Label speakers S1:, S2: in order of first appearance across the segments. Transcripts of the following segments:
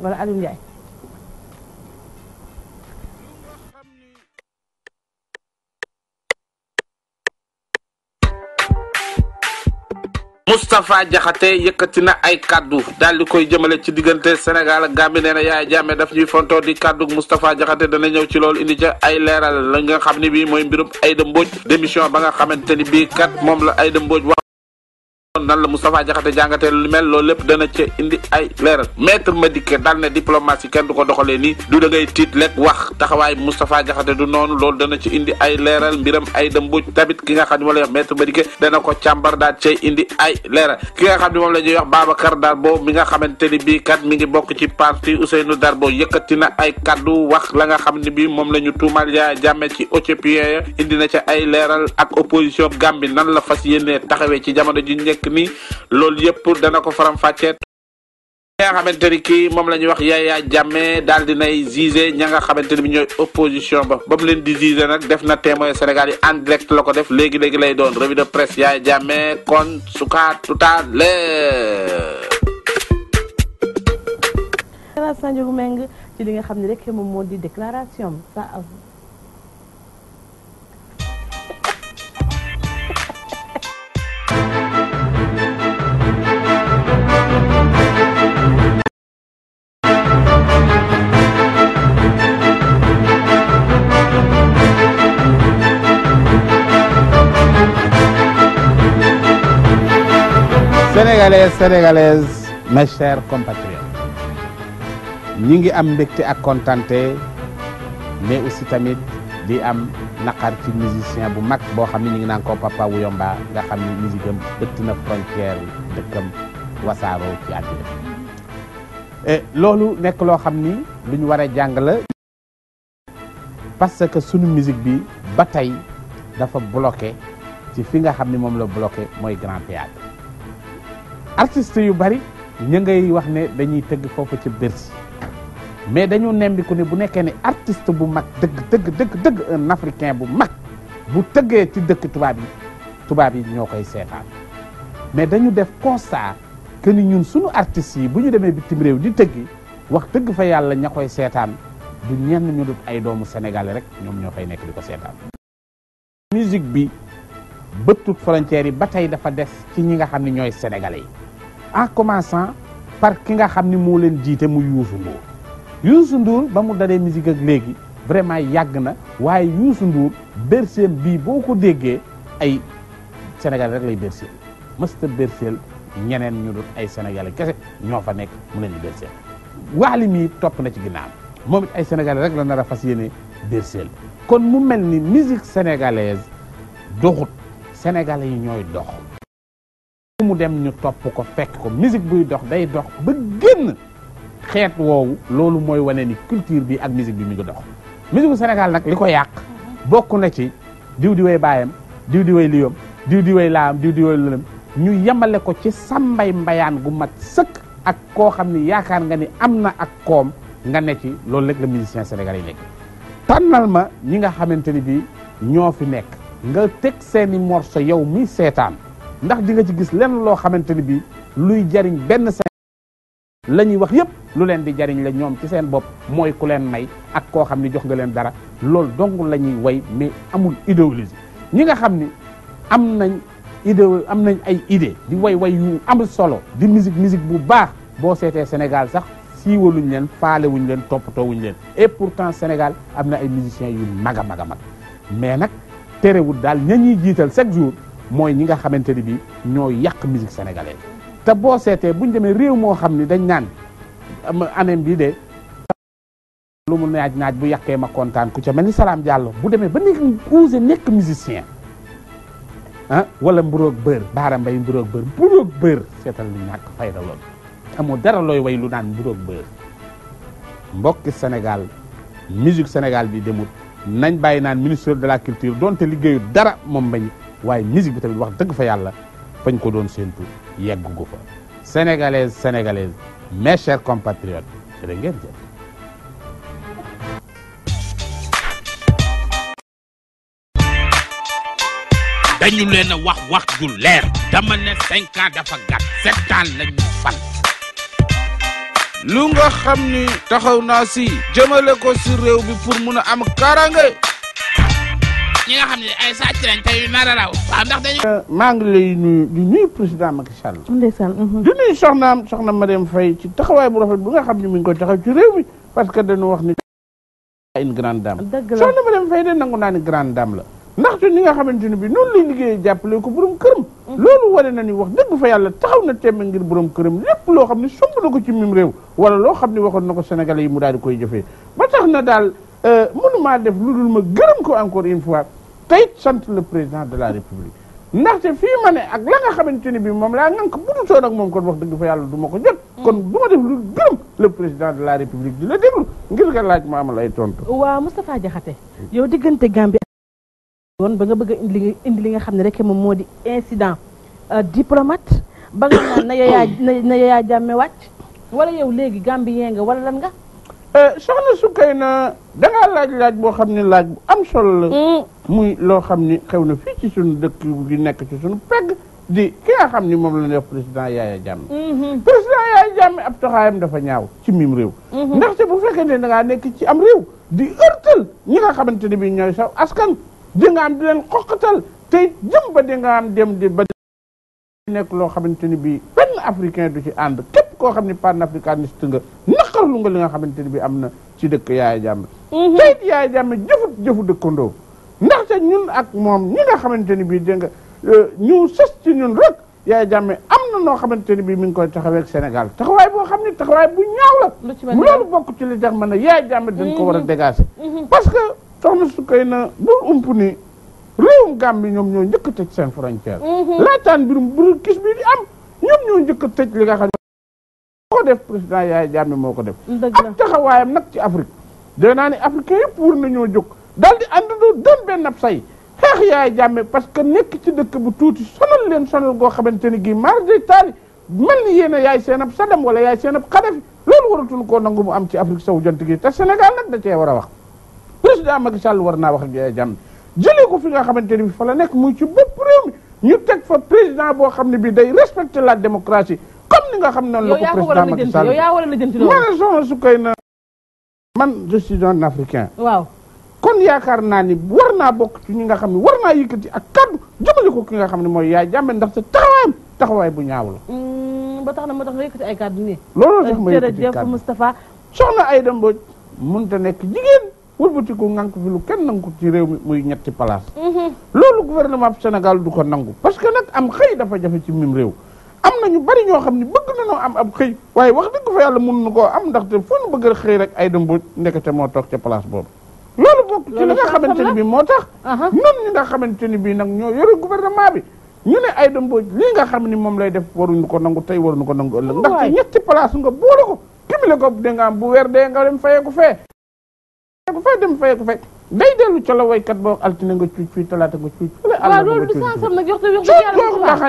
S1: wala Aliou Ndiaye.
S2: Moustapha na ay kaddu daal di koy jëmale ci diggante Sénégal a Gambie nee na Yaya Jammeh daf ñuy fontoo di kaddu Moustapha Diakhaté dana ñëw ci loolu indi ca ay leeral la nga xam ne bii mooy mbirum Aïda Mbodj démission ba nga xamante ni bii kat moom la Aïda Mbodj wax nan la Moustapha Diakhaté jàngatee lu mel loolu lépp dana ca indi ay leeral maître Madické daal ne diplomatie kenn du ko doxalee nii du da ngay tiit lekk wax taxawaay Moustapha Diakhaté du noonu loolu dana ci indi ay leeral mbiram ay dëmbuj tamit ki nga xam ne moom la wax maître Madické dana ko càmbar daal cay indi ay mi nga xamante ni bi kat mi ngi bokk ci parti Ousseynou Darbo yëkkati na ay kaddu wax la nga xam ne bii moom la ñu tuumal yaa jàmme ci Éthiopien ya indi na ca ay leeral ak opposition Gambie nan la fas yéenee taxawee njëkk mi loolu yëpp dana ko faram fàccee nga xamante ni kii moom la ñuy wax Yaya Jammeh daal di nay jugé ña nga xamante ni bi ñooy opposition ba ba leen di jugé nag def na témoin Sénégal yi en direct la ko def léegi léegi lay doon revue de presse Yaya Jammeh kon suka tout à l'heure. ci sénégalais sénégalaise mes chers compatriotes ñi ngi am mbégte ak kontaante mais aussi tamit di am naqar ci musicien bu mag boo xam ne ñu ngi naan ko Papa Wuyomba nga xam ne musique am dëkk na frontière dëkkam wasaaroo ci àddina eh, loolu nekk loo xam ni lu ñu war jàng la parce que sunu musique bi ba tey dafa bloqué ci fi nga xam ni moom la bloqué mooy grand théâtre artiste yu bari ñu ngay wax ne dañuy tëgg foofu ci Bercy mais dañu nembiku ne bu nekkee ni artiste bu mag dëgg dëgg dëgg dëgg bu mag bu tëggee ci dëkk tubaab yi tubaab yi ñoo koy seetaan mais dañu def constat que ni ñun suñu artistes yi bu ñu demee bitim réew di tëgg wax dëgg fa yàlla ña koy seetaan du ñenn ñu dut ay doomu Sénégal rek ñoom ñoo fay nekk di ko seetaan. bi bëttut yi ba tey dafa des ci ñi nga xam ne ñooy sénégalais yi. en commençant par ki nga xam ni moo leen jiite mu Youssou Ndour Youssou Ndour ba mu dalee musique ak léegi vraiment yàgg na waaye Youssou Ndour berceel bii boo ko déggee ay Sénégal rek lay berceel mësta berceel ñeneen ñu dul ay sénégalais kese ñoo fa nekk mu leen di berceel Wally mii topp na ci ginnaaw moom it ay sénégalais rek la nara a fas yéene berceel kon mu mel ni musique sénégalaise doxut sénégalais yi ñooy dox mu dem ñu topp ko fekk ko musique buy dox day dox ba génn xeet woowu loolu mooy wane ni culture bi ak musique bi ñu ngi dox musique bu Sénégal nag li ko yàq bokk na ci diw di way baayam diw di way liyam diw di way laam di way lëlam ñu yemale ko ci mbay mbayaan gu mat sëkk ak koo xam ni yaakaar nga ni am na ak koom nga ne ci loolu rek la musicien sénégalais yi nekk tànnal ma ñi nga xamante ni bi ñoo fi nekk nga teg seeni morceau yow mi seetaan ndax di nga ci gis lenn loo xamante ni bi luy jariñ benn seen la ñuy wax yépp lu leen di jariñ la ñoom ci seen bopp mooy ku leen may ak koo xam ni jox nga leen dara loolu dong la ñuy way mais amul idéologie ñi nga xam ni am nañ idée am nañ ay idée di way way yu am solo di musique musique bu baax boo seetee Sénégal sax siiwaluñ leen faalewuñ leen toppatoowuñ leen et pourtant Sénégal am na ay musiciens yu mag a mag a mag mais nag terewul daal ña ñuy jiital chaque jour mooy ñi nga xamante ni bi ñoo yàq musique sénégalaise te boo seetee buñ demee réew moo xam ni dañ naan aneem bii de lu mu naaj naaj bu yàqee ma kontaan ku ca mel ni Salam Diallo bu demee ba nekk uuse nekk musicien ah, wala mburoog bër baara mbay mburoog bër seetal lu ñàkk fayda lool amoo dara looy way lu naan mburoog bër mbokki Sénégal musique Sénégal bi demut nañ bàyyi naan ministre de la culture donte liggéeyu dara moom bañ waaye musique bi tamit wax dëgg fa yàlla fañ ko doon séentu yeggu gu fa sénégalaise sénégalaise mes chers compatriotes jërë ngeen dañu leen wax wax ju leer dama ne cinq ans dafa gàtt sept ans la lu nga xam ni taxaw naa si ko si réew bi pour mun a am karange ñi nga xam ne ay sàcc lañ euh, ngi lay nuyu di nuyu président Macky Sall. ndeysaan. Mhm. di nuyu soxnaam soxna Marième Faye ci taxawaay bu rafet bu nga xam ne mi ngi ko taxaw ci réew mi parce que dañu wax ni. une grande dame. dëgg la soxna de nangu naa ni grande dame la. ndaxte ni nga xamante ni bi noonu lay liggéeyee jàppale ko borom këram. Mhm. loolu wane na ni wax dëgg fa yàlla taxaw na temm ngir borom këram lépp loo xam ne sumb na ko ci mim réew wala loo xam ne waxoon na ko sénégalais yi mu daal di koy jëfee ba tax na daal euh, mënumaa def lu dul ma ko encore une tey sant le président de la république ndaxte fii ma ne ak la nga xamante ni bi moom laa ngank budutoon ak moom kon wax dëgg fa yàlla du ma ko jot mm. kon du ma def lu le président de la république di la déglu ngir nga laaj ma lay ay wa waaw Moustapha Diakhaté yow diggante Gambie
S1: yoon ba nga bëgg a indi li indi li nga xam ne rek moom moo di incident euh, diplomate ba nga naan na Yaya na Yaya wala yow léegi Gambien nga wala
S2: lan ga Eh, soxna na dangaa laaj laaj boo xam ne laaj bu am solo la. Mm. muy loo xam ni xew na fii ci sunu dëkk gi nekk ci sunu pegg di ki nga xam ni moom la ñuy président Yaya Jammeh. Mm-hmm. président Yaya Jammeh ab taxaayam dafa ñaaw ci miim réew. Mm-hmm. ndaxte bu fekkee ne dangaa nekk ci am réew di ërtal ñi nga xamante ne bii ñooy saw askan di nga am di leen xoqatal te jëm ba di nga am dem di ba. nekk loo xamante ni bii benn africain du ci ànd képp koo xam ne panafricaniste nga naqarlu nga li nga xamante ni bii am na ci dëkk Yaaya Jammeh mhm. tey jëfut jëfu dëkkandoo ndaxte ñun ak moom ñi nga xamante ni bii dégg nga euh, ñu sës ci ñun rek Yaaya Jammeh am na noo xamante ni bii mi ngi koy taxawee ak Sénégal taxawaay boo xam ne taxawaay bu ñaaw
S3: la mu loolu
S2: bokk ci li tax ma ne Yaaya Jammeh dañ ko war a mhm. dégager mhm. parce que soxna su koy na bul ump ni réewum Gambie ñoom ñoo njëkk a tëj seen frontière mhm. laataan mbirum burkis bi di am ñoom ñoo njëkk a tëj li nga xam ne ko def président Yaya Jammeh moo ko def ak taxawaayam nag ci Afrique dee naa ne africain yëpp war nañoo jóg daal di àndandoo doon say xeex Yaya Jammeh parce que nekk ci dëkk bu tuuti sonal leen sonal goo xamante ni gii mar de taali mel ni yéen a yaay seen ab Saddam wala yaay seen ab Kadhafi loolu waratul koo nangu mu am ci Afrique sowu jant gi te Sénégal nag da cee war a wax président Macky Sall war naa wax ak Yaya jëlee ko fi nga xamante ni bi fa la nekk mu ci bopp réew mi ñu teg président boo xam ne bi day respecter la démocratie comme ni nga xam ne noonu la ko président Macky man soxna su koy na yaakaar naa ni war naa bokk ci ñi nga xam ni war naa yëkkati ak kaddu jëmale ko ki nga xam ne mooy yaay jàmbe ndax sa taxawaayam taxawaay bu ñaaw la
S1: hmm, ba tax na ma tax ma yëkkati ay kaddu nii loolu tax ma yëkkati kaddu jërëjëf
S2: Moustapha soxna Aïda Mbodj nekk jigéen bu ti ko ngànk fi lu kenn nangu ci réew mi muy ñetti place mhm. loolu gouvernement bu Sénégal du ko nangu parce que nag am xëy dafa jafe ci mim réew am na ñu bari ñoo xam ne bëgg am ab xëy waaye wax dëgg yàlla mën na koo am ndaxte fu ñu bëgg a xëy rek ay dëmbu ndekete moo toog ca boobu loolu bokk
S3: ci nga xamante ni bi
S2: moo tax noonu ñi nga xamante ni bi nag ñoo yore gouvernement bi ñu ne ay dëmbooj lii nga xam ni moom lay def waruñu ko nangu tey waruñu ko nangu ëllëg ndaxte ñetti place nga boole ko kimile ko da nga am bu weer dee nga fayee ko fee ko fay dem fay ko fay day dellu ca la waykat boo altine nga nga cuuc loolu du nag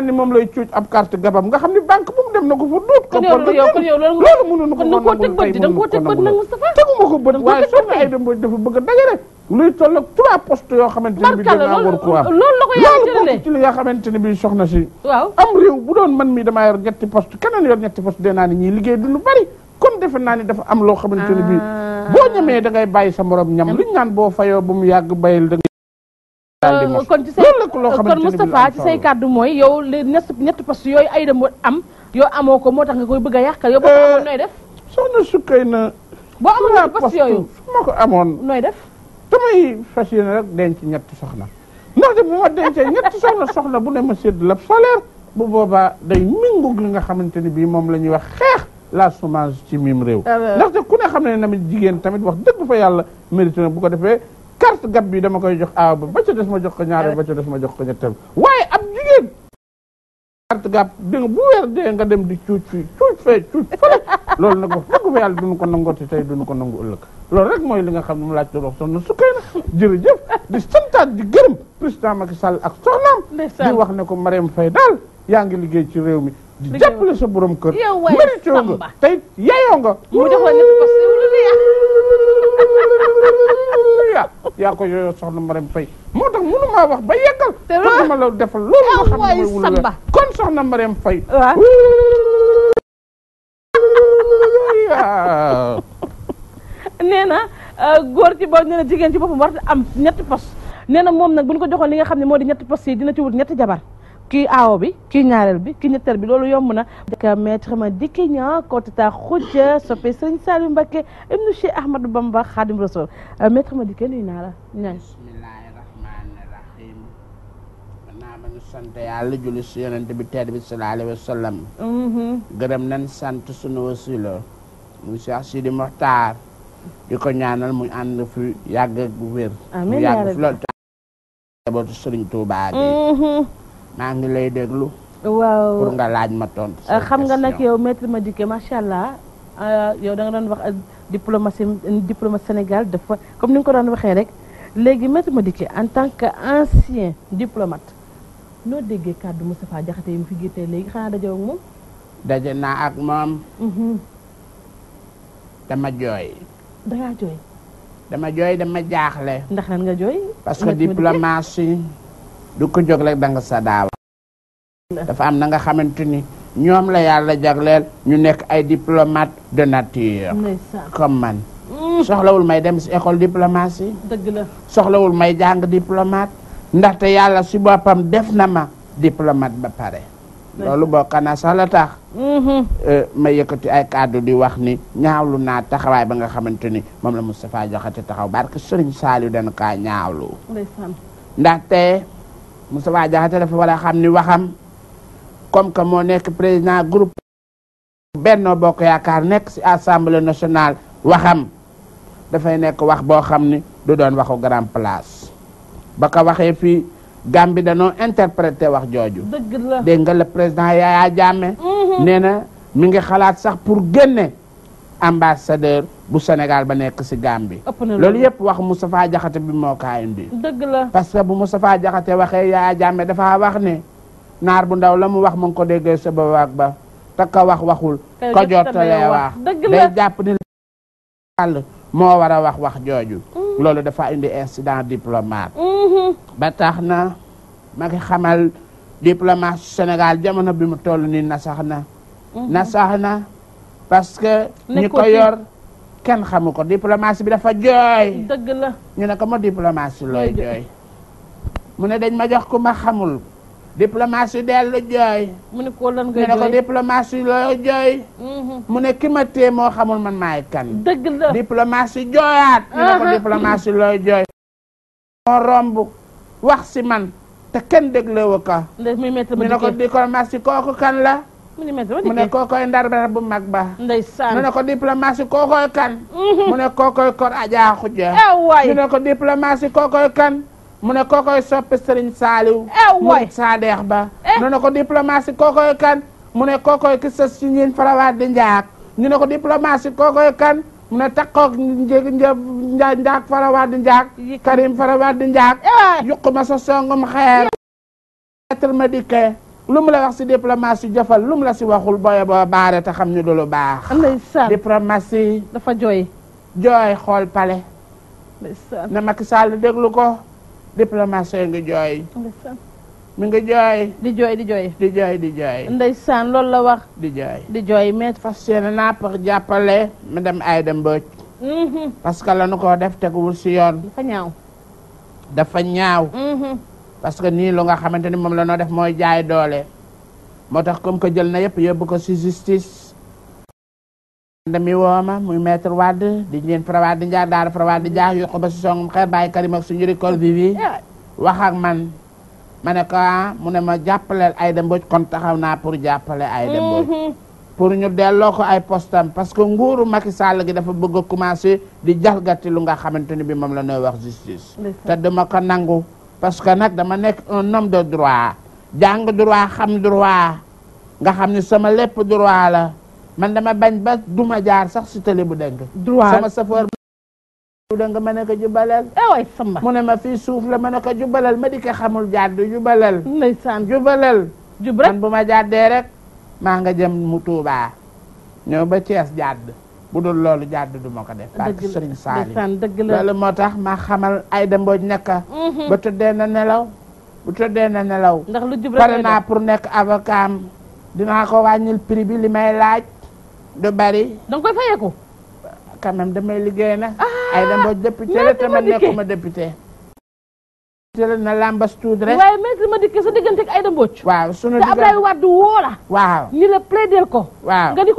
S2: ne moom lay cuuc ab carte gabam ko fa ko bët di da nga koo teg bët bëgg a dajale luy toll ak trois yoo xamante ne bi nga xamante ne bi soxna si waaw am réew bu doon man mi damaa yor ñetti poste keneen yor ñetti poste dee naa ne ñii liggéey du lu bari man defe naa ni dafa am loo xamante ne bii ah. boo ñamee da ngay bàyyi sa morom ñam luñ naan boo fayoo ba mu yàgg bayil da ngay
S3: euh, kon
S1: ci say kon Moustapha ci say kàddu mooy yow li ñett poste yooyu ay dem am yow ko moo tax nga koy bëgg a yàqal yow boo ko amoon euh, na
S2: boo amoon poste yooyu su ma ko amoon nooy def damay fas yéene rek denc ñetti soxna ndaxte bu ma dencee ñetti soxna soxna bu ne ma sédd la salaire bu boobaa day mingoog li nga xamante ni bii moom la ñuy wax xeex la chômage ci mim réew ah ndaxte ku xam ne tamit jigéen tamit wax dëgg fa yàlla mérité bu ko defee carte gab bi dama koy jox aaw ba ba ca ma jox ko ñaareel ah ba ca des ma jox ko ñetteel waaye ab jigéen carte gab dégg nga bu weer dee nga dem di cuuc fi cuuc fee cuuc fële loolu nag wax dëgg fa yàlla duñu ko nangooti tey duñu ko nangu ëllëg loolu rek mooy li nga xam ne mu laaj doon wax soxna su koy na jërëjëf di santaat di gërëm président Macky Sall ak soxnaam di wax ne ko Marième Faye daal yaa ngi liggéey ci réew mi di jàppale sa borom kër. yow waay samba nga tey yeyoo nga. mu jox la nit ko yaa ko yooyoo soxna Marème Faye moo
S3: tax munu maa wax ba yeggal. te loolu
S2: ma la defal loolu nga xam ne mooy wulu kon soxna Marème Faye. waaw.
S1: nee na euh, góor ci bopp nee na jigéen ci boppam war am ñetti pos nee na moom nag bu ñu ko joxoon li nga xam ne moo di ñetti pos yi dina ci wut ñetti jabar. kii aaw bi kii ñaareel bi kii ñetteel bi loolu yomb na daka ma dikki ña kotita xujja soppe sëñ Saliou Mbacké ibnu Cheikh Ahmadou Bamba Khadim Rasoul euh, maître ma dikki nuyu naa la
S2: sant yàlla julli si yonent bi tedd bi sallallahu alayhi wa sallam mm-hmm. gërëm nañ sant sunu wasila mu Cheikh Sidi Mokhtar di ko ñaanal mu ànd fi yàgg ak wér mu yàgg fi te maa ngi lay déglu. waaw pour nga laaj ma tontu. Euh, xam nga nag yow
S1: maître Madické macha allah euh, yow da nga doon wax diplomatie diplomate Sénégal dafa comme ni nga ko doon waxee rek léegi maître Madické en tant que ancien diplomate noo déggee kàddu Moustapha Diakhaté yi mu fi géttee léegi xanaa daje ak moom.
S2: naa ak moom. Mm-hmm. dama jooy. da jooy. dama jooy dama jaaxle. ndax nan nga jooy. parce que diplomatie. du ko jóg rek da nga sa daawa dafa am na nga xamante ni ñoom la yàlla jagleel ñu nekk ay diplomate de nature comme man
S3: mm. soxlawul
S2: may dem si école diplomatie dëgg la soxlawul may jàng diplomate ndaxte yàlla si boppam def na ma diplomate ba pare loolu bokk na sax la tax mm-hmm. euh, ma yëkkati ay kàddu di wax ni ñaawlu naa taxawaay ba nga xamante ni moom la Moustapha Diakhaté taxaw barke Sëriñ Saliou dañu kaa ñaawlu ndaxte Moustapha Diakhaté dafa war a xam ni waxam comme que moo nekk président groupe Benno Bokk Yaakaar nekk ci assemblée nationale waxam dafay nekk wax boo xam ni du doon waxu grand place ba ko waxee fii Gambie danoo interprété wax jooju. dëgg la dégg nga le président Yaya Jammeh.
S1: Mm-hmm. nee
S2: na mi ngi xalaat sax pour génne ambassadeur. bu Sénégal ba nekk si Gambie. ëpp na loolu yëpp wax Moustapha Diakhaté bi moo kaa indi. parce que bu Moustapha jaxate waxee Yaya Jammeh dafa wax ne naar bu ndaw la mu wax mu ngi ko déggee sa ba waag ba te ka wax waxul. ko jottalee wax dëgg la moo war a wax wax jooju. Mm. loolu dafa indi incident diplomate. Mm-hmm. ba tax na ma ngi xamal diplomate Sénégal jamono bi mu toll nii nasax na. nasax mm-hmm. na parce que. ñi ko yor. kenn xamu ko diplomatie bi dafa jooy. dëgg la ñu ne ko ma diplomatie looy jooy. mu ne dañ ma jox ku ma xamul. diplomatie dellu jooy. mu ne ko lan ngay jooy ñu ne ko diplomatie looy jooy. Mm-hmm. mu ne ki ma moo xamul man maay kan. dëgg la diplomatie jooyaat. ñu ne ko uh-huh. diplomatie looy jooy. wax si man te kenn dégloo ko. ndax ñu ne ko diplomatie kooku kan la. mu ne ma dama dikkee mu ba bu mag ba. ndeysaan mhm. eh, ne ko diplomatie kookoy kan. mu ne kookoy ko diplomatie kookoy ne ne ko diplomatie kookoy kan. mu ne kookoy ki sës ci ñin farawaat di njaak. ne ko diplomatie kookoy kan. mu ne takkoog njëg njaak farawaat karim farawaat di njaak. Eh, yuquma sa ma dikkee. lu mu la wax si diplomatie jëfal lu mu la si waxul booy boo baare te xam ñu du lu baax. ndeysaan diplomatie. dafa jooy. jooy xool pale. ndeysaan na Macky Sall déglu ko diplomatie ngi jooy. mi ngi jooy. di jooy di jooy. di jooy di jooy. ndeysaan loolu la wax. di jooy di jooy mais. fas yéene naa pour jàppale madame Aïda Mbodj. Mhm. parce que la nu ko def teguwul si yoon. dafa ñaaw. dafa ñaaw. Mhm. parce que nii lu nga xamante ni moom la noo def mooy jaay doole moo tax comme que jël na yëpp yóbbu ko ci justice dami wooma muy maître Wade di ñeen farawaat di njaar daara farawaat di jaax yuqu ba si songum xeer bàyyi Karim ak suñu récolte bi bi eh, wax ak man ma ne ah, mu ne ma jàppaleel Aïda Mbodj kon taxaw naa pour jàppale Aïda mhm. Mbodj pour ñu delloo ko ay postam parce que nguuru Macky Sall gi dafa bëgg a commencé di jalgati lu nga xamante ni bi moom la nooy wax justice te duma parce que nag dama nekk un homme de droit jàng droit xam droit nga xam ni sama lépp droit la man dama bañ ba duma jaar sax si télé bu dénk droit sama safoor bu dénk ma ne ko jubalal eh waay sama mu ne ma fii suuf la ma ne ko jubalal ma di xamul jaar du jubalal ndeysaan jubalal jub rek man bu ma jàddee rek maa nga jëm mu Tuubaa ñëw ba Cees jàdd bu dul loolu jàdd du
S3: ma ko def parce que sëriñ Saali
S2: loolu moo tax ma xamal ay Aïda Mbodj nekka mhm. ba tëddee na nelaw bu tëddee na nelaw ndax lu jub naa pour nekk avocat am dinaa ko wàññil prix bi li may laaj du bari danga koy fayeeku quand même damay liggéey na ay ah, Mbodj mbooj la te ma nekkuma teel na lambas tuuti rek. waaye
S1: maître Madické sa waaw
S2: la. la plaider ko. waaw nga ni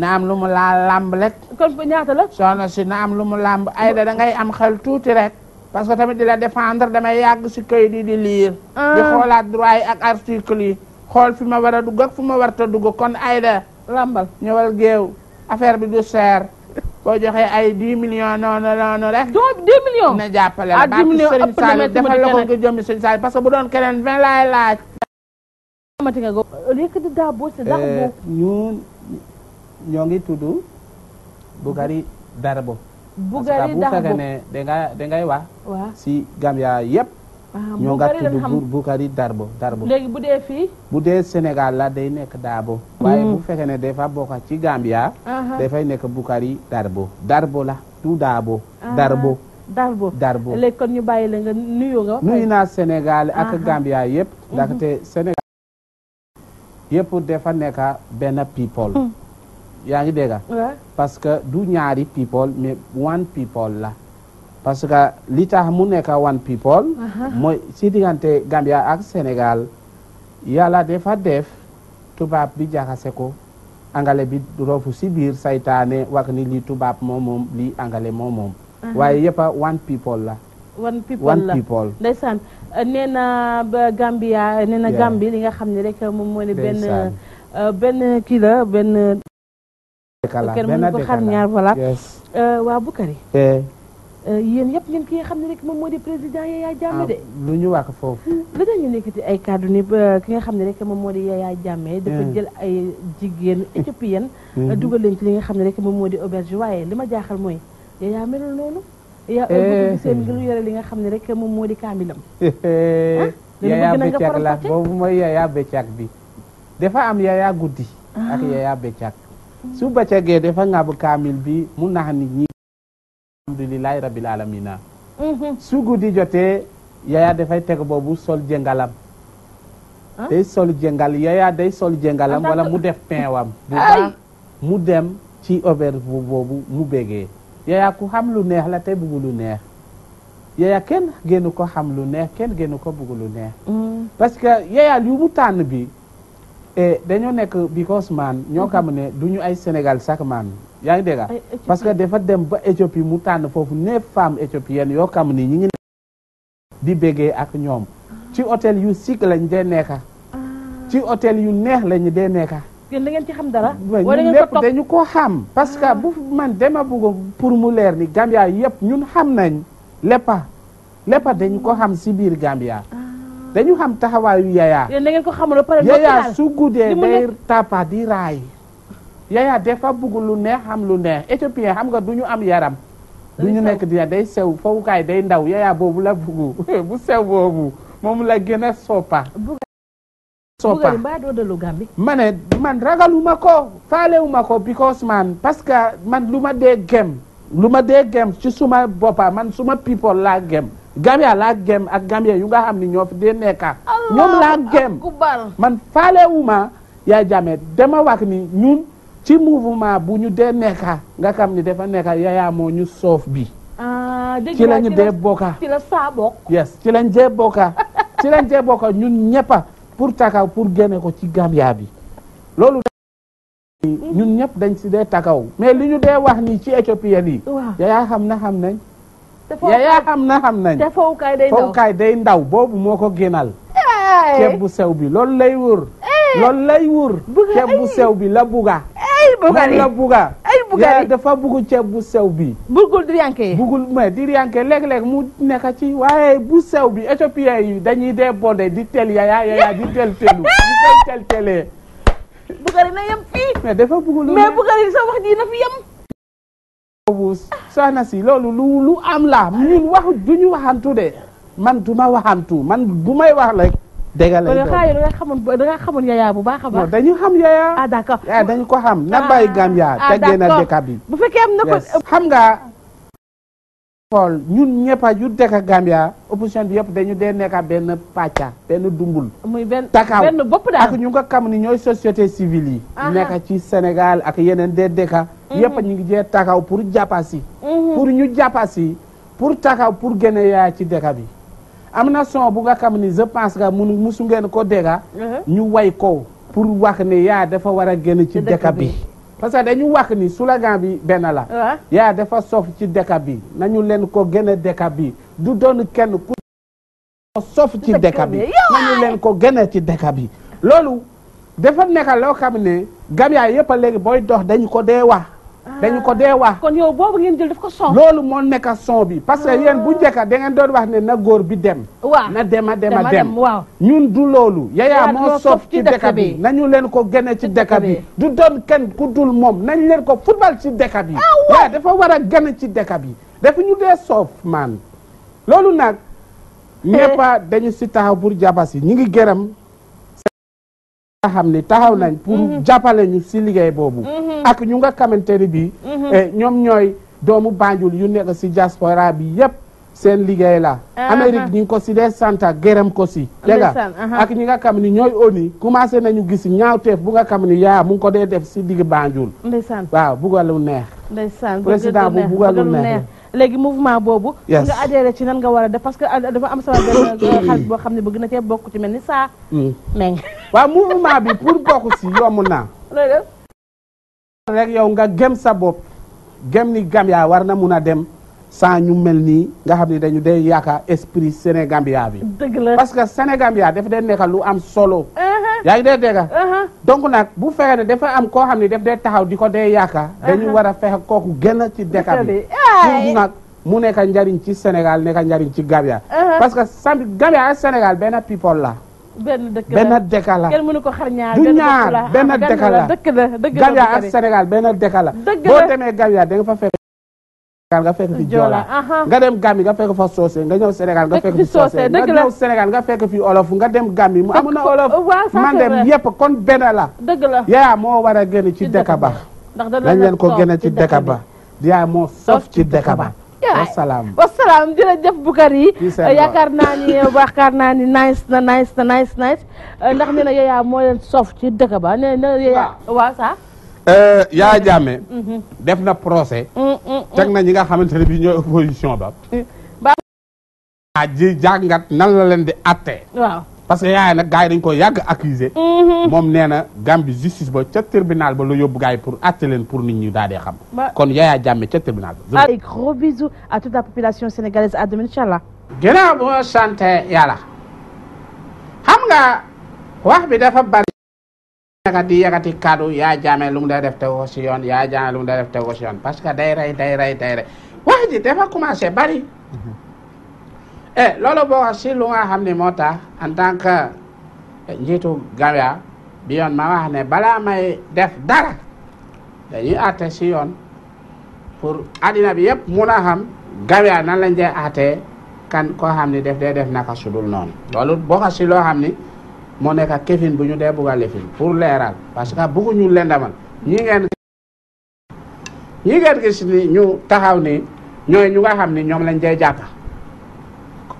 S2: na am lu mu lamb rek. kon ñaata si na am lu lamb Aïda da ngay am xel tuuti rek. parce que tamit di la défendre damay yàgg si kayit yi di lire. Ah. di xoolaat droit ak article yi. xool fi ma war a dugg fu ma warta dugg kon Aïda. lambal ñëwal géew affaire bi du seer. boo joxee ay 10 millions noonu noonu rek. millions. dina jàppale la ah, baax Serigne Saliou defal la ko ngir jëmmi Serigne Saliou parce eh, ñoo ngi tudd Bugari Darbo
S1: Bugari Darbo wax
S2: si Gambia yëpp
S1: ah, ñoo nga tudd léegi bu dee fii
S2: bu dee Sénégal la day nekk Daabo waaye hmm. bu fekkee ne dafa bokk ci Gambia fay nekk Bugari Darbo Darbo la du Daabo Darbo Darbo Darbo léegi
S1: kon ñu bàyyi la nga nuyu nga. nuyu
S2: naa Sénégal ak Gambia yëpp. Mhm. ndaxte Sénégal yëpp defa nekk benn people. Mhm. yaa ngi dégg parce que du ñaari people mais one people la. parce que li tax mu nekk one people. mooy si diggante Gambia ak Sénégal yàlla defa def tubaab bi jaxase ko. angale bi roofu si biir saytaane wax ni lii tubaab moom moom lii angale moom moom. Uh-huh. waaye yëpp a one people la.
S1: one people one people la ndeysaan uh, nee na ba Gambia uh, nee na Gambie li nga xam ne rek uh, moom moo benn benn kii la benn.
S2: kenn mënu ko xam ñaar voilà waa Bukari eh.
S1: yéen yëpp ngeen ki xam ne rek moom moo di président Yaya Jammeh ah, de
S2: lu ñu wax foofu
S1: la dañu nekkati ay kàddu ni ki nga xam ne rek moom moo di Yaya Jammeh dafa hmm. jël ay jigéen éthiopienne hmm. dugal leen ci li nga xam ne rek moom moo di auberge waaye li ma jaaxal mooy yow yaa eh, eh. nga xam ne rek moom moo di kaamilam.
S2: Eh, ah, yaya bëccëg boobu mooy bi. dafa am yaya guddi. Ah. su bëccëgee dafa kaamil bi mu nax nit ñi. alhamdulilahi rabil alamina. Mhm. su guddi jotee yaya dafay teg boobu sol jëngalam. Ah? day sol jëngal yaya day sol jëngalam wala mu def pinwam bu mu dem ci over boobu mu begee yaya ku xam lu neex la te bëgg lu neex yaya kenn génn ko xam lu neex kenn génn ko buggu lu neex mm. parce que yaya yu mu tànn bi eh, dañoo nekk because man ñoo xam ne du ñu ay Sénégal sax man yaa ngi dégg parce que dafa dem ba Éthiopie mu tànn foofu neuf femmes éthiopiennes yoo xam ni ñi ngi di beggee ak ñoom ah. ci hôtel yu sikk lañ dee nekka ah. ci hôtel yu neex lañu dee nekka
S1: yéen da ngeen ci xam dara. wala ngeen ko topp
S2: dañu ko parce que ah. bu man dama bëgg pour mu leer ni Gambia yëpp ñun xam nañ léppa léppa dañu ko xam si biir Gambia. Ah. dañu xam taxawaayu Yaya.
S1: yéen da ngeen ko xamul ba pare Yaya su guddee day
S2: tàppa di raay. Yaya dafa bëgg lu neex xam lu neex éthiopien xam nga du ñu am yaram. du ñu nekk dina day sew fowukaay day ndaw Yaya boobu la bëgg bu sew boobu moom la gën a soppa soppa ma ne man ragaluma ko faalewuma ko because man parce que man lu ma dee gem lu ma dee gem ci suma boppa man suma people laa gem Gambia laa gem ak Gambia yu nga xam ni ñoo fi dee nekka ñoom laa gem man faalewuma yaa jame dama wax ni ñun ci mouvement bu ñu dee nekka nga xam ni dafa nekka yayaa moo ñu soof bi
S1: ah, ci lañu dee bokka ci la saa
S2: dee bokka ci lañ dee bokka ñun ñëppa pour takaw pour génne ko ci Gambia bi loolu ñun ñëpp dañ si de takaw mais li ñu de wax ni ci éthiopienne yi yaa xam na xam nañ yaa xam na xam nañ te fowukaay day ndaw boobu moo ko génnal ceeb bu sew bi loolu lay wër loolu lay wur ceeb bu sew bi la buga la buga yaa dafa bugg ceeb bu sew bi bugul diriyanke bugul mais diriyanke léeg-léeg mu nekk ci waaye bu sew bi éthiopien yi dañuy dee bondé di tel yaya yaya di tel telu di tel tel telee na yem fii mais dafa bugul mais bugari sa
S1: wax ji na fi yem
S2: boobu soxna si loolu lu lu am la ñun wax duñu waxantu de man duma waxantu man bu may wax rek dégg la kon xaaral
S1: da nga xamoon bu baax a baax. dañu
S2: xam yaya. ah d'accord ah, dañu ko xam. na ah, bàyyi gam yaa teggee na dëkk bi. bu fekkee am na xam nga. xool ñun ñëpp a yu dëkk Gambia opposition bi yëpp dañu dee nekk benn pàcca benn dumbul. muy benn benn bopp daal ak ñu nga kam ni ñooy société civile yi. Ah, nekk ci senegal ak yeneen des dëkk. Mm-hmm. yëpp ñu ngi jee takaw pour jàppasi. Mm-hmm. pour ñu jàppasi pour takaw pour génne yaa ci dëkk bi. am na son bu nga xam ni je pense que munu musu ngeen ko dégga uh-huh. ñu way ko pour wax ne yaa dafa war a génn ci dëkk bi parce que dañu wax ni slogan bi benn la uh-huh. yaa dafa sof ci dëkk bi nañu leen ko génn dëkk bi du doon kenn ku sof ci dëkk bi nañu leen ko génn ci dëkk bi loolu dafa nekk loo xam ne gam yaa yëpp léegi booy dox dañu ko dee wax Ah. dañu ko dee wax. kon yow boobu ngeen jël daf ko son. loolu moo nekk son bi parce que ah. yéen bu njëkk a da ngeen doon wax ne na góor bi dem. waaw na dem a dem a dem waaw. ñun du loolu. yaya moo sof ci dëkk bi nañu leen ko génne ci dëkk bi. du doon kenn ku dul moom nañ leen ko football ci dëkk bi. ah dafa war a génne ci dëkk bi. dafa ñu dee soof man loolu nag. ñëpp dañu si taxaw pour jàpp si ñu ngi gërëm. nga xam ni taxaw nañ mm-hmm. pour mm-hmm. jàppale ñu si liggéey boobu mm-hmm. ak ñu nga xamante ni bi eh, ñoom ñooy doomu Banjul yu nekk ci diaspora bi yépp seen liggéey la uh-huh. Amérique ñu ngi ko si dee santa gërëm ko si dégg nga uh-huh. ak ñi nga xam ni ñooy oni commencé nañu gis ñaawteef bu nga xam ni yaa mu ngi ko dee def ci digg Banjul waaw buggalu neex
S1: président bu buggalu neex léegi mouvement boobu a adhéré ci nan nga war a def parce que dafa am sama
S2: benn xarit boo xam ne bëgg na cee bokk ci mel ni saa
S1: meng
S2: mm. waaw mouvement bi pour bokk si yomb naa rek yow nga gëm sa bopp gëm ni gam yaa war na mun a dem sans ñu mel nii nga xam ne dañu day yaakaar esprit Sénégambia bi. dëgg la parce que Sénégambia daf dee nekkal lu am solo.
S3: Uh-huh. yaa dee dégg uh-huh.
S2: donc nag bu fekkee ne dafa am koo xam ne daf dee taxaw di ko dee yaakaar. Uh-huh. dañu war a fexe kooku génn ci dëkk bi pour nag mu nekk njariñ ci Sénégal nekk njariñ ci Gambia. parce que sam Gambia ak Sénégal benn people la.
S1: benn dëkk la benn la kenn mënu ko xar ñaar du ñaar benn ah, dëkk la Gambia a Sénégal
S2: benn dëkk la. boo demee Gambia da fa fekk. nga fekk fi joola nga dem Gàmbi nga fekk fa soose nga ñëw Sénégal nga fekk fi soose nga ñëw Sénégal nga fekk fi olof nga dem Gàmbi mu amuna olof man dem yëpp kon benn la yaa moo war a génn ci dëkk ba
S3: dañ leen ko génne ci dëkk
S2: ba yaa moo sof ci dëkk ba wasalaam wasalaam jërëjëf Bukari yaakaar
S1: naa ni yaakaar naa ni nice na nice na nice nice ndax nee na yaa moo leen sof ci dëkk ba nee na yaa waaw
S2: Euh, yaa jàmme mhm. def na procès mm,
S3: mm, mm.
S1: teg na
S2: ñi nga xamante ne bi ñooy opposition ba a ji jàngat nan la leen di attee waaw parce que yaay nag gars yi dañ ko yàgg accusé mhm. moom nee na Gambie justice ba ca tribunal ba la yóbbu gars yi pour atte leen pour nit ñi daal di xam kon Yaya Jammeh ca tribunal ba allez
S1: gros bisous à toute la population sénégalaise à demain inchallah ginnaaw
S2: boo sant yàlla xam nga wax bi dafa bari naka di yëkkati kàddu yaa jaame lu mu day def tegu ko si yoon yaa jaame lu mu day parce que day rey day rey day rey ji dafa commencé bari mm-hmm. eh loolu boo si lu nga xam ne moo tax en tant que eh, njiitu Gambia bi ma wax ne balaa may def dara dañuy àtte si yoon pour addina bi yëpp mun a xam Gambia nan lañ dee àttee kan ko xam ne def dee def naka sudul noonu loolu boo si loo xam ni moo nekk ak kefin bu ñu dee bugg a lifin pour leeral parce que bëgguñu lendamal ñi ngeen ñi ngeen gis ni ñu taxaw ni ñooy ñu nga xam ni ñoom lañ dee jàppa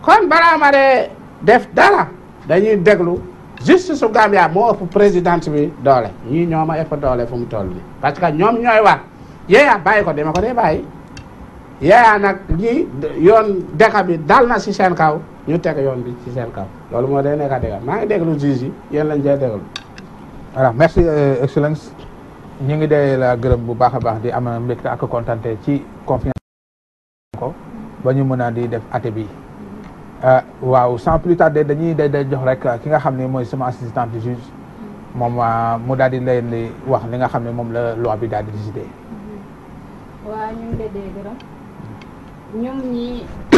S2: kon balaa ma dee def dara dañuy déglu juste su Gambia moo ëpp président mi doole ñii ñoo ma ëpp doole fu mu toll nii parce que ñoom ñooy wax yéen a bàyyi ko dama ko dee bàyyi yaa nag lii yoon deka bi dal na si seen kaw ñu teg yoon bi ci seen kaw loolu moo day nekk a maa ngi déglu juge yi yéen lañ cee merci euh, excellence ñu ngi dee la gërëm bu baax a baax di am mbégte ak kontante ci confiance ko ba ñu mën a di def até bi euh, waaw sans plus tarder dañuy day day jox rek ki nga xam ne mooy sama assistant du juge moom euh, mu daal di leen wax li nga xam ne moom la loi bi daal di décidé
S3: waaw ñu
S1: ngi ñoom ñi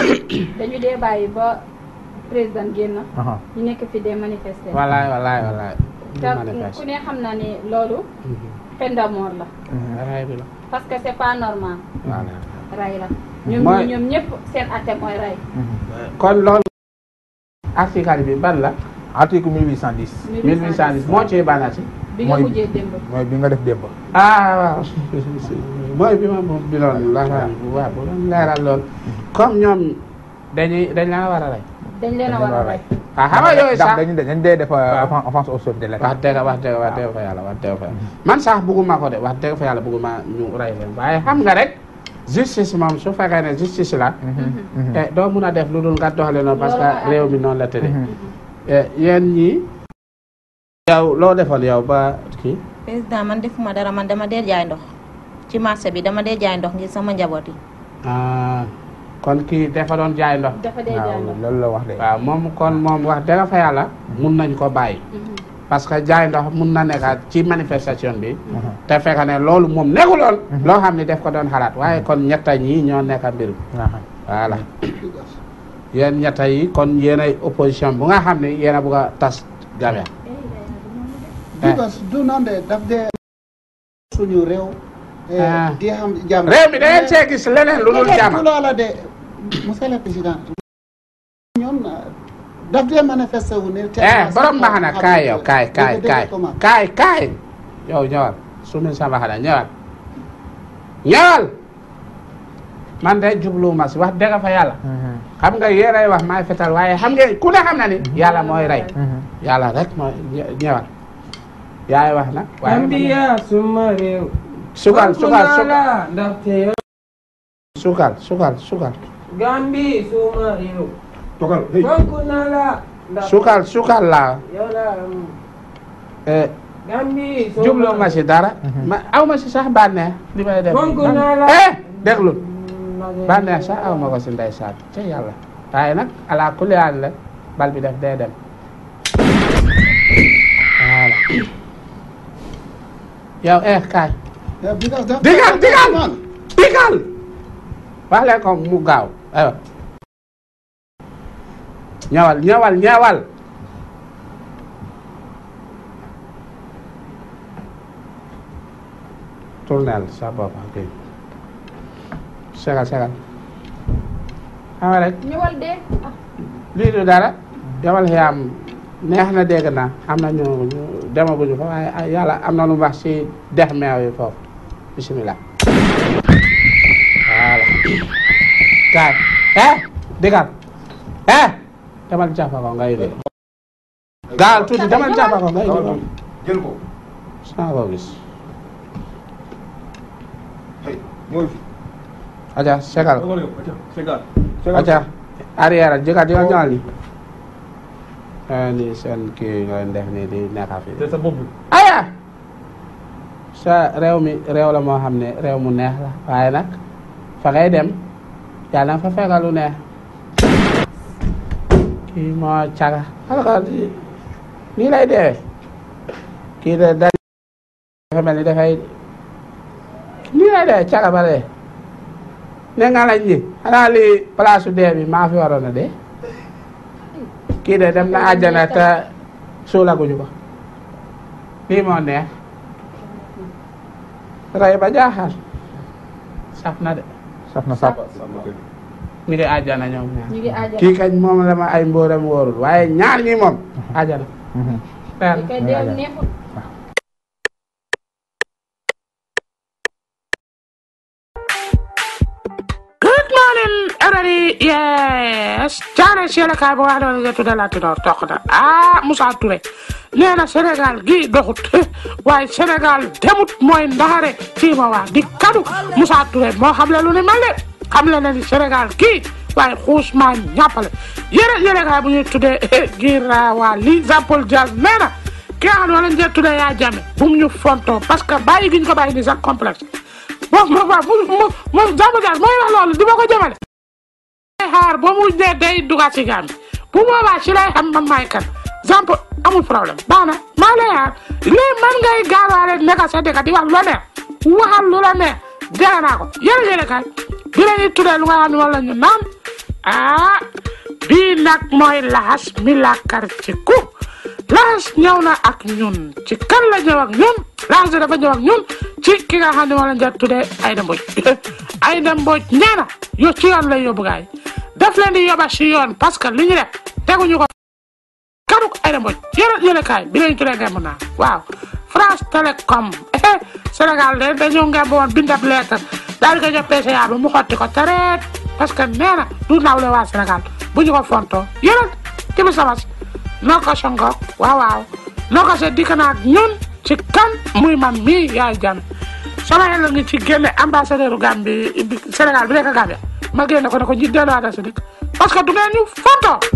S1: dañu dee bàyyi ba président génn. ñu nekk fi des manifester. wallaay
S2: wallaay wallaay. ku ne
S1: xam naa ne loolu. Mhm. peine de mort la.
S2: Mhm, ray bi la.
S1: parce que c'est pas normal. ray la mhm. ñoom ñoom ñëpp seen atte mooy ray.
S2: kon loolu. article bi ban la. article 1810. 1810 moo cee baanaati. bi nga def démb. ah waaw. booy bi ma moom bi loolu la waaw bu doon leeral lool comme ñoom dañuy dañ la war a rey.
S3: leen a war a rey.
S2: Ah, yooyu sax dañuy de euh, l'État. wax dëgg wax dëgg wax dëgg fa yàlla wax dëgg fa man sax bëgguma ko de wax dëgg fa yàlla bëgguma ñu rey leen waaye xam nga rek. justice moom su fekkee ne justice la. te
S3: mm-hmm. mm-hmm. mm-hmm. eh,
S2: doo mun a def lu dul nga doxale noonu parce que réew mi noonu la tëddee. Eh, yéen ñi yow loo defal yow ba kii.
S1: président man defuma dara man dama dee jaay ndox ci marché bi dama dee jaay ndox ngir sama njaboot
S2: yi. Ah, kon kii dafa doon jaay ndox. dafa dee la wax de. waaw moom kon moom wax dëgg fa yàlla. mun nañ ko bàyyi. Mhm. parce que jaay ndox mun na nekkaat ci manifestation bi. Mhm. te fekk ne loolu moom nekkuloon. Mhm. loo xam ne def ko doon xalaat waaye kon ñetta ñii ñoo nekk mbir mi. voilà yéen yi kon yéen ay opposition bu nga xam ne yéen a tas Gambia.
S3: Ah. because du nande daf suñu réew di xam jàmm da ngeen cee gis leneen lu dul eh, jàmm loola de monsieur le eh, eh, mbaxana kaay yow kaay kaay kaay kaay
S2: kaay yow ñëwal mbaxana ñëwal ñëwal man de jubluwuma si wax dëgg fa yàlla mhm. xam nga yéen wax maay fetal waaye xam nga ku ne xam na ni mhm. yàlla mooy rey mhm. yàlla rek mooy ñëwal yaay wax nag. waaye Gambia suma réew. sukal sukal sukal
S3: ndaxte yow.
S2: sukal sukal sukal.
S3: Gambi suma réew.
S1: la. ndax sukal sukal laa.
S2: si dara. Mhm. aw ma si sax bànneex. li may def fonk naa la. eh déglu. Mm, bànneex sax aw ma ko si ndeysaan ca yàlla. waaye nag ala kulli la bal bi def day yow eh kaay. digal digal digal wax leen ko mu gaaw aywa. ñawal ñawal ñawal. tournel sa bopp ak segal segal. xam nga rek. de. lii du dara. dawal xiyaam. neex na dégg am na ñu demaguñu fa waaye ah, am na lu wax ci dex meew yi foofu bisimilah voilà kaay eh, digal eh demal jàppa ko ngay dee gaal tuuti demal jàppa ko ngay dee jël ko segal aja arrière jëkkat yow ñaal yi ani euh, seen def nii di neexal sa bopp sa réew mi réew la moo xam ne réew mu neex la waaye nag fa ngay dem yàlla na fa fekkal lu neex. kii moo caga alaka nii lay deewee kii de dañ mel ni dafay nii lay deewee caga ba dee ne nga ni xanaa lii place su dee bi maa fi waroon a dee kii de dem na àjjana te suulaguñu ko lii moo neex rey ba jaaxal saf na de saf na saf ñu ngi àjjana ñoom ñaar kii kañ moom la ma ay mbóoram wóorul waaye ñaar ñi moom àjjana mhm.
S3: yes Thiaroye Sène kaay ba wax dëgg yàlla la Tidor toog na ah Moussa Touré nee na Sénégal gii doxut waaye Sénégal demut mooy ndaxare fii ma wax di kadu Moussa Touré moo xam ne lu ni mel de xam le ne ni Sénégal gii waaye xuus maa ñàppale yéen yéen kaay bu ñuy tuddee eh, Guirawaly Jean-Paul Dias nee na ki nga xam ne wala njëkk tuddee yaa jame bu mu ñu fontoo parce que bàyyi gi ñu ko bàyyi ni sax complexe moom moom moom Jean-Paul Dias mooy wax loolu di ma ko jëmale. xaar ba mu dee day dugaat ci gaam bi bu boobaa ci lay xam man maay kan exemple amul problème baax na maa lay xaar lii man ngay gaawaale nekk sa dëkk di wax lu la neex waxal lu la neex dégg naa ko yéen a yéen a kaay bi la ñuy tuddee lu nga xam ne moom la naan ah bii nag mooy laxas mi laakar ci ku laxas ñëw na ak ñun ci kan la ñëw ak ñun laxas bi dafa ñëw ak ñun ci ki nga xam ne moom la ñu tuddee Aïda Mbodj ci yoon lay yóbbu gaay parce que li ñu def ko. kaduk France Télécom Sénégal de dañu ngemb woon bindab lettre daal di mu xotti ko tereet parce que nee na du nawle waa Sénégal bu ñu ko fontoo yéen tibi sabas noo songo waaw waaw noo ko ñun ci kan muy man mii yaay jàmm sama xel ngi ci génne ambassadeur Gambie Sénégal bi nekk Gambie ma génne ko ne ko ji delloo adresse bi parce que du ngeen ñu fonto